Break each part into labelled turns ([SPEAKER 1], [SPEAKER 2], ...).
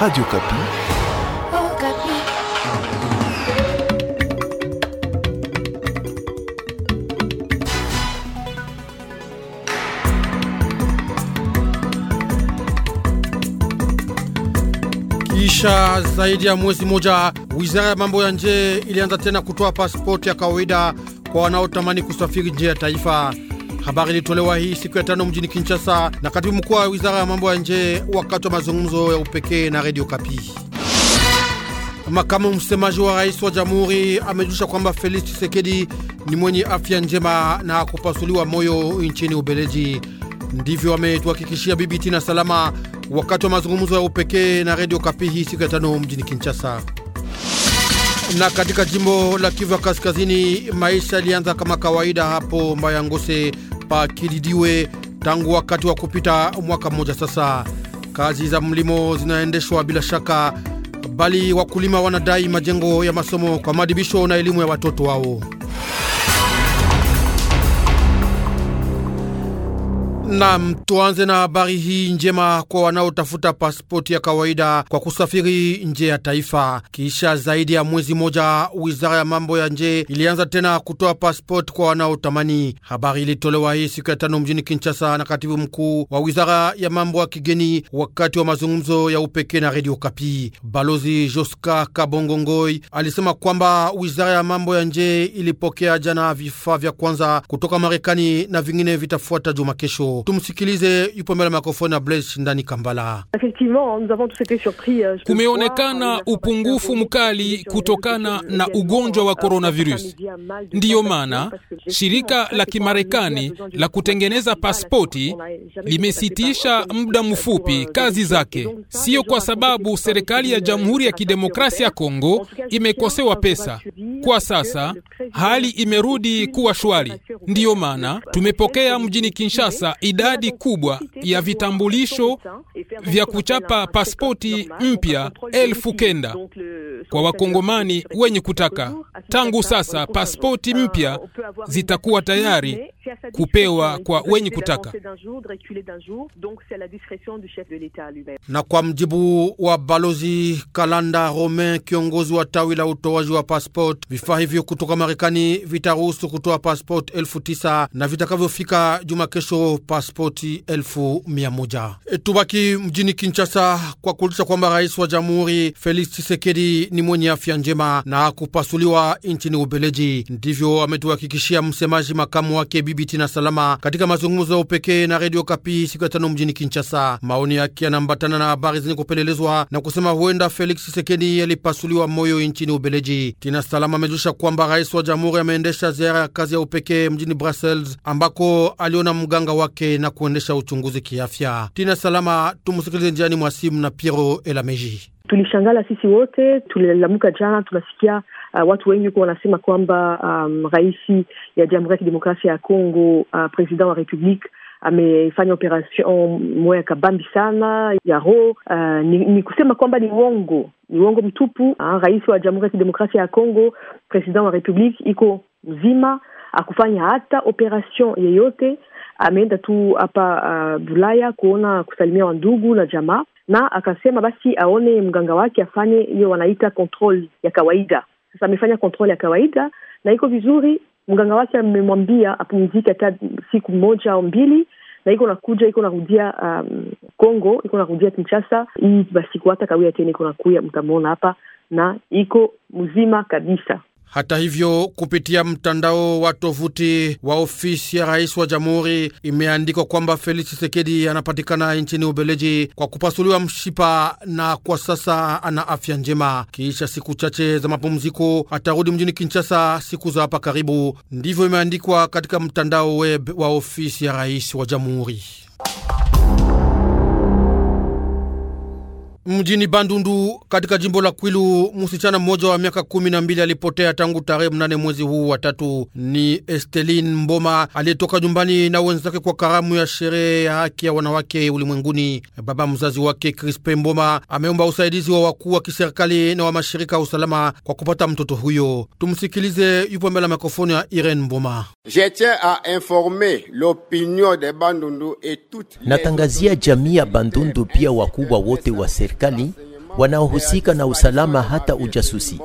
[SPEAKER 1] Radio Kapi.
[SPEAKER 2] Oh, Kapi.
[SPEAKER 3] Kisha zaidi ya mwezi moja, wizara ya mambo ya nje ilianza tena kutoa pasipoti ya kawaida kwa wanaotamani kusafiri nje ya taifa. Habari ilitolewa hii siku ya tano mjini Kinshasa na katibu mkuu wa wizara ya mambo ya nje wakati wa mazungumzo ya upekee na redio Kapi. Makamu msemaji wa rais wa jamhuri amejulisha kwamba Felix Tshisekedi ni mwenye afya njema na kupasuliwa moyo nchini Ubeleji. Ndivyo ametuhakikishia BBT na Salama wakati wa mazungumzo ya upekee na redio Kapi hii siku ya tano mjini Kinshasa. Na katika jimbo la Kivu ya Kaskazini, maisha yalianza kama kawaida hapo ngose hapa Kididiwe tangu wakati wa kupita mwaka mmoja sasa. Kazi za mlimo zinaendeshwa bila shaka, bali wakulima wanadai majengo ya masomo kwa madibisho na elimu ya watoto wao. Nam, tuanze na habari hii njema kwa wanaotafuta pasipoti ya kawaida kwa kusafiri nje ya taifa. Kisha zaidi ya mwezi moja, wizara ya mambo ya nje ilianza tena kutoa pasipoti kwa wanaotamani. Habari ilitolewa hii siku ya tano mjini Kinshasa na katibu mkuu wa wizara ya mambo ya kigeni wakati wa mazungumzo ya upekee na redio Kapi. Balozi Joska Kabongongoi alisema kwamba wizara ya mambo ya nje ilipokea jana vifaa vya kwanza kutoka Marekani na vingine vitafuata juma kesho. Tumsikilize, yupo mbele makofoni ya Blaise ndani Kambala.
[SPEAKER 2] Euh,
[SPEAKER 3] Kumeonekana euh, upungufu mkali kutokana na ugonjwa wa coronavirus, ndiyo maana shirika la Kimarekani la kutengeneza pasipoti limesitisha muda mfupi euh, kazi zake, sio kwa sababu serikali ya Jamhuri ya Kidemokrasia ya Kongo imekosewa pesa. Kwa sasa hali imerudi kuwa shwari, ndiyo maana tumepokea mjini Kinshasa idadi kubwa ya vitambulisho vya kuchapa pasipoti mpya elfu kenda kwa wakongomani wenye kutaka. Tangu sasa pasipoti mpya zitakuwa tayari
[SPEAKER 2] kupewa kwa wenye kutaka
[SPEAKER 3] na kwa mjibu wa balozi Kalanda Romain, kiongozi wa tawi la utoaji wa passport, vifaa hivyo kutoka Marekani vitaruhusu kutoa passport elfu tisa na vitakavyofika juma kesho pasipoti elfu mia moja. E, tubaki mjini Kinshasa kwa kuulisha kwamba rais wa jamhuri Felix Tshisekedi ni mwenye afya njema na kupasuliwa nchini Ubeleji. Ndivyo ametuhakikishia msemaji makamu wake Bibi na salama katika mazungumzo ya upekee na redio Kapi siku ya tano mjini Kinshasa. Maoni yake yanaambatana na habari zenye kupelelezwa na kusema huenda Felix Chisekedi yalipasuliwa moyo nchini Ubeleji. Tina Salama amejulisha kwamba rais wa jamhuri ameendesha ziara ya kazi ya upekee mjini Brussels ambako aliona mganga wake na kuendesha uchunguzi kiafya. Tina Salama, tumusikilize njiani mwa simu na Piero Elameji
[SPEAKER 2] tulishangala sisi wote, tulilamuka jana, tunasikia uh, watu wengi kuwa wanasema kwamba um, raisi ya Jamhuri ya Kidemokrasia ya Kongo uh, president wa republique amefanya operation moya kabambi sana ya ro uh, ni, ni kusema kwamba ni uongo, ni uongo mtupu. Uh, rais wa Jamhuri ya Kidemokrasia ya Kongo, president wa republique iko mzima, akufanya hata operation yeyote. Ameenda tu hapa uh, Bulaya kuona kusalimia wandugu na jamaa na akasema basi aone mganga wake afanye hiyo wanaita control ya kawaida. Sasa amefanya control ya kawaida na iko vizuri. Mganga wake amemwambia apumzike hata siku moja au mbili, na iko nakuja iko narudia congo um, iko narudia Kinshasa hii basiku hata kawia tena iko nakuya, mtamwona hapa na iko mzima kabisa.
[SPEAKER 3] Hata hivyo, kupitia mtandao wa tovuti wa ofisi ya rais wa jamhuri imeandikwa kwamba Felix chisekedi anapatikana nchini Ubeleji kwa kupasuliwa mshipa na kwa sasa ana afya njema. Kisha siku chache za mapumziko atarudi mjini Kinshasa siku za hapa karibu. Ndivyo imeandikwa katika mtandao web wa ofisi ya rais wa jamhuri. Mjini Bandundu katika jimbo la Kwilu, msichana mmoja wa miaka kumi na mbili alipotea tangu tarehe mnane mwezi huu wa tatu. Ni Estelin Mboma aliyetoka nyumbani na wenzake kwa karamu ya sherehe ya haki ya wanawake ulimwenguni. Baba mzazi wake Krispe Mboma ameomba usaidizi wa wakuu wa kiserikali na wa mashirika ya usalama kwa kupata mtoto huyo. Tumsikilize, yupo mbele ya mikrofoni ya Irene Mboma. Natangazia jamii ya Bandundu pia wakubwa wote wa serikali serikali wanaohusika na usalama hata ujasusi.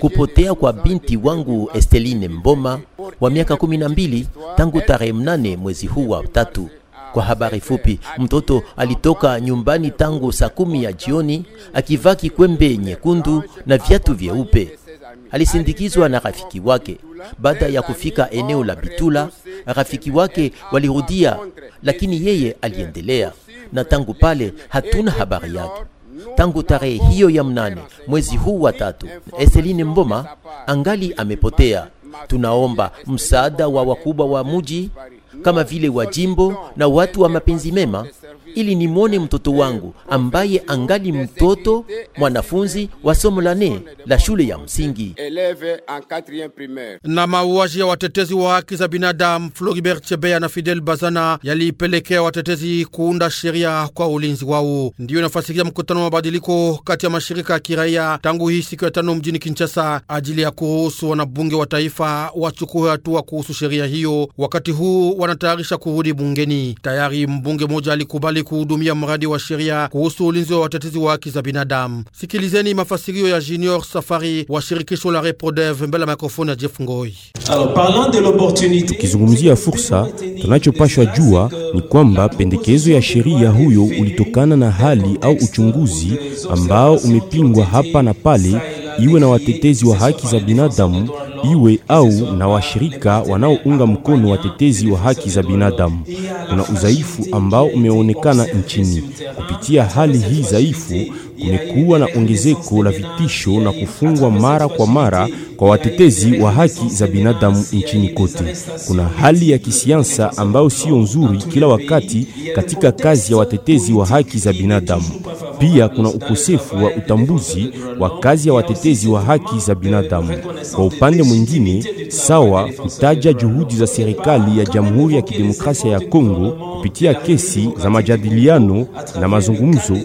[SPEAKER 3] Kupotea kwa binti wangu Esteline Mboma wa miaka kumi na mbili tangu tarehe mnane mwezi huu wa tatu. Kwa habari fupi, mtoto alitoka nyumbani tangu saa kumi ya jioni akivaa kikwembe nyekundu na viatu vyeupe. Alisindikizwa na rafiki wake. Baada ya kufika eneo la Bitula, rafiki wake walirudia, lakini yeye aliendelea, na tangu pale hatuna habari yake tangu tarehe hiyo ya mnane mwezi huu wa tatu. Eseline Mboma angali amepotea. Tunaomba msaada wa wakubwa wa muji kama vile wa jimbo na watu wa mapenzi mema ili nimwone mtoto wangu ambaye angali mtoto mwanafunzi wa somo la nne la shule ya msingi. Na mauaji ya watetezi wa haki za binadamu Floribert Chebeya na Fidel Bazana yaliipelekea watetezi kuunda sheria kwa ulinzi wao. Ndiyo inafasikia mkutano wa mabadiliko kati ya mashirika ya kiraia tangu hii siku ya tano mjini Kinshasa ajili ya kuruhusu wanabunge wa taifa wachukue hatua kuhusu sheria hiyo. Wakati huu wanatayarisha kurudi bungeni. Tayari mbunge moja alikubali kuhudumia mradi wa sheria kuhusu ulinzi wa watetezi wa haki za binadamu. Sikilizeni mafasirio ya Junior Safari wa shirikisho la Reprodev mbele ya mikrofoni ya Jeff Ngoi.
[SPEAKER 1] Tukizungumzia fursa, tunachopashwa jua ni kwamba pendekezo ya sheria huyo ulitokana na hali au uchunguzi ambao umepingwa hapa na pale iwe na watetezi wa haki za binadamu, iwe au na washirika wanaounga mkono watetezi wa haki za binadamu. Kuna udhaifu ambao umeonekana nchini. Kupitia hali hii dhaifu kumekuwa na ongezeko la vitisho na kufungwa mara kwa mara kwa watetezi wa haki za binadamu nchini kote. Kuna hali ya kisiasa ambayo sio nzuri kila wakati katika kazi ya watetezi wa haki za binadamu. Pia kuna ukosefu wa utambuzi wa kazi ya watetezi wa haki za binadamu. Kwa upande mwingine, sawa kutaja juhudi za serikali ya Jamhuri ya Kidemokrasia ya Kongo kupitia kesi za majadiliano na mazungumzo,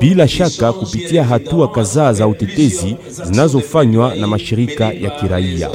[SPEAKER 1] bila shaka kupitia hatua kadhaa za utetezi zinazofanywa na mashirika ya kiraia.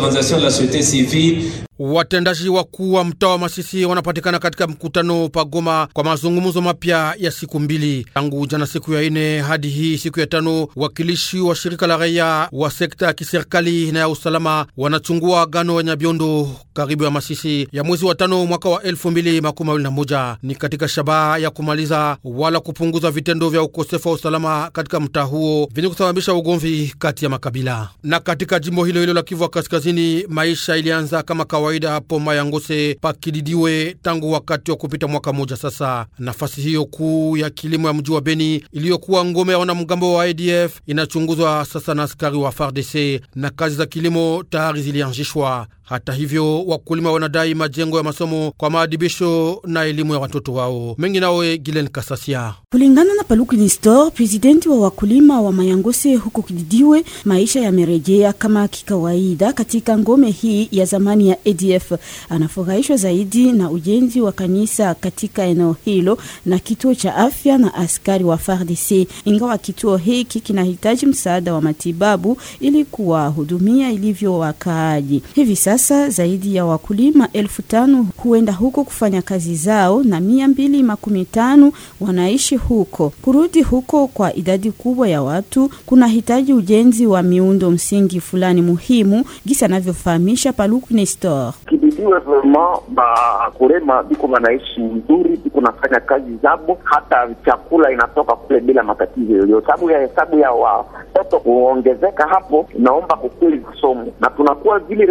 [SPEAKER 3] Watendaji wakuu wa mtaa wa Masisi wanapatikana katika mkutano pagoma kwa mazungumzo mapya ya siku mbili tangu jana siku ya ine hadi hii siku ya tano. Wakilishi wa shirika la raia wa sekta ya kiserikali na ya usalama wanachungua gano ya Nyabiondo karibu ya Masisi ya mwezi wa tano mwaka wa elfu mbili makumi mawili na moja ni katika shabaha ya kumaliza wala kupunguza vitendo vya ukosefu wa usalama katika mtaa huo vyenye kusababisha ugomvi kati ya makabila. Na katika jimbo hilo hilo la Kivu kaskazini maisha ilianza kama kawa kawaida hapo Mayangose pakididiwe tangu wakati wa kupita mwaka moja sasa. Nafasi hiyo kuu ya kilimo ya mji wa Beni iliyokuwa ngome ya wanamgambo wa ADF inachunguzwa sasa na askari wa FARDC na kazi za kilimo tayari zilianzishwa. Hata hivyo, wakulima wanadai majengo ya masomo kwa maadibisho na elimu ya watoto wao mengi. Nawe Gilen Kasasia,
[SPEAKER 2] kulingana na Paluku Nestor, presidenti wa wakulima wa Mayangose huko Kididiwe, maisha yamerejea kama kikawaida katika ngome hii ya zamani ya ADF. Anafurahishwa zaidi na ujenzi wa kanisa katika eneo hilo na kituo cha afya na askari wa FARDC, ingawa kituo hiki kinahitaji msaada wa matibabu ili kuwahudumia ilivyo wakaaji hivi sasa sasa zaidi ya wakulima elfu tano huenda huko kufanya kazi zao na mia mbili makumi tano wanaishi huko. Kurudi huko kwa idadi kubwa ya watu kunahitaji ujenzi wa miundo msingi fulani muhimu, gisi anavyofahamisha Paluku Nestor.
[SPEAKER 1] Kibidiwe vrema bakulema biko banaishi mzuri, biko nafanya kazi zabo, hata chakula inatoka kule bila matatizo yoyote. Sababu ya hesabu ya watoto kuongezeka hapo, naomba kukuli masomo na tunakuwa vile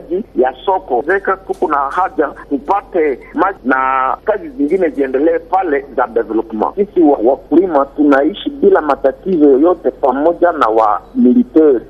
[SPEAKER 1] mahitaji ya soko zeka, na haja tupate maji na kazi zingine ziendelee pale za development. Sisi wakulima tunaishi bila matatizo yoyote pamoja na wa
[SPEAKER 2] wamiliteri.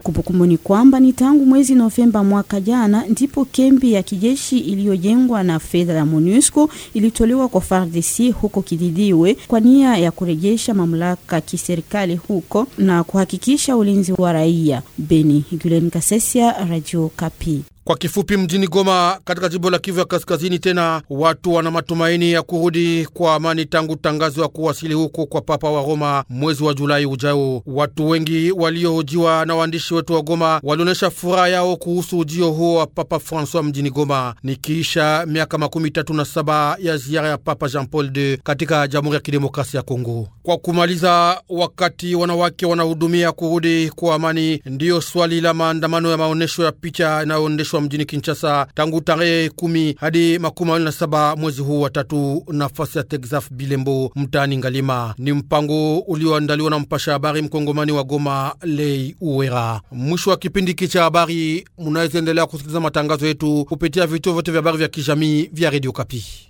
[SPEAKER 2] ni kwamba ni tangu mwezi Novemba mwaka jana ndipo kembi ya kijeshi iliyojengwa na fedha ya MONUSCO ilitolewa kwa FARDC huko Kididiwe kwa nia ya kurejesha mamlaka kiserikali huko na kuhakikisha ulinzi wa raia. Beni Gulen Kasesia, Radio Kapi.
[SPEAKER 3] Kwa kifupi, mjini Goma katika jimbo la Kivu ya Kaskazini, tena watu wana matumaini ya kurudi kwa amani tangu tangazo ya kuwasili huko kwa Papa wa Roma mwezi wa Julai ujao. Watu wengi waliohojiwa na waandishi wetu wa Goma walionyesha furaha yao kuhusu ujio huo wa Papa Francois mjini Goma, nikiisha miaka makumi tatu na saba ya ziara ya Papa Jean Paul II katika Jamhuri ya Kidemokrasia ya Kongo. Kwa kumaliza, wakati wanawake wanahudumia kurudi kwa amani, ndiyo swali la maandamano ya maonyesho ya picha inayoendeshwa yaliyoendeshwa mjini Kinshasa tangu tarehe kumi hadi makumi mawili na saba mwezi huu wa tatu, nafasi ya Texaf Bilembo mtaani Ngalima. Ni mpango ulioandaliwa na mpasha habari mkongomani wa Goma Lei Uwera. Mwisho wa kipindi hiki cha habari, munaweza endelea kusikiliza matangazo yetu kupitia vituo vyote vya habari vya kijamii vya redio Kapi.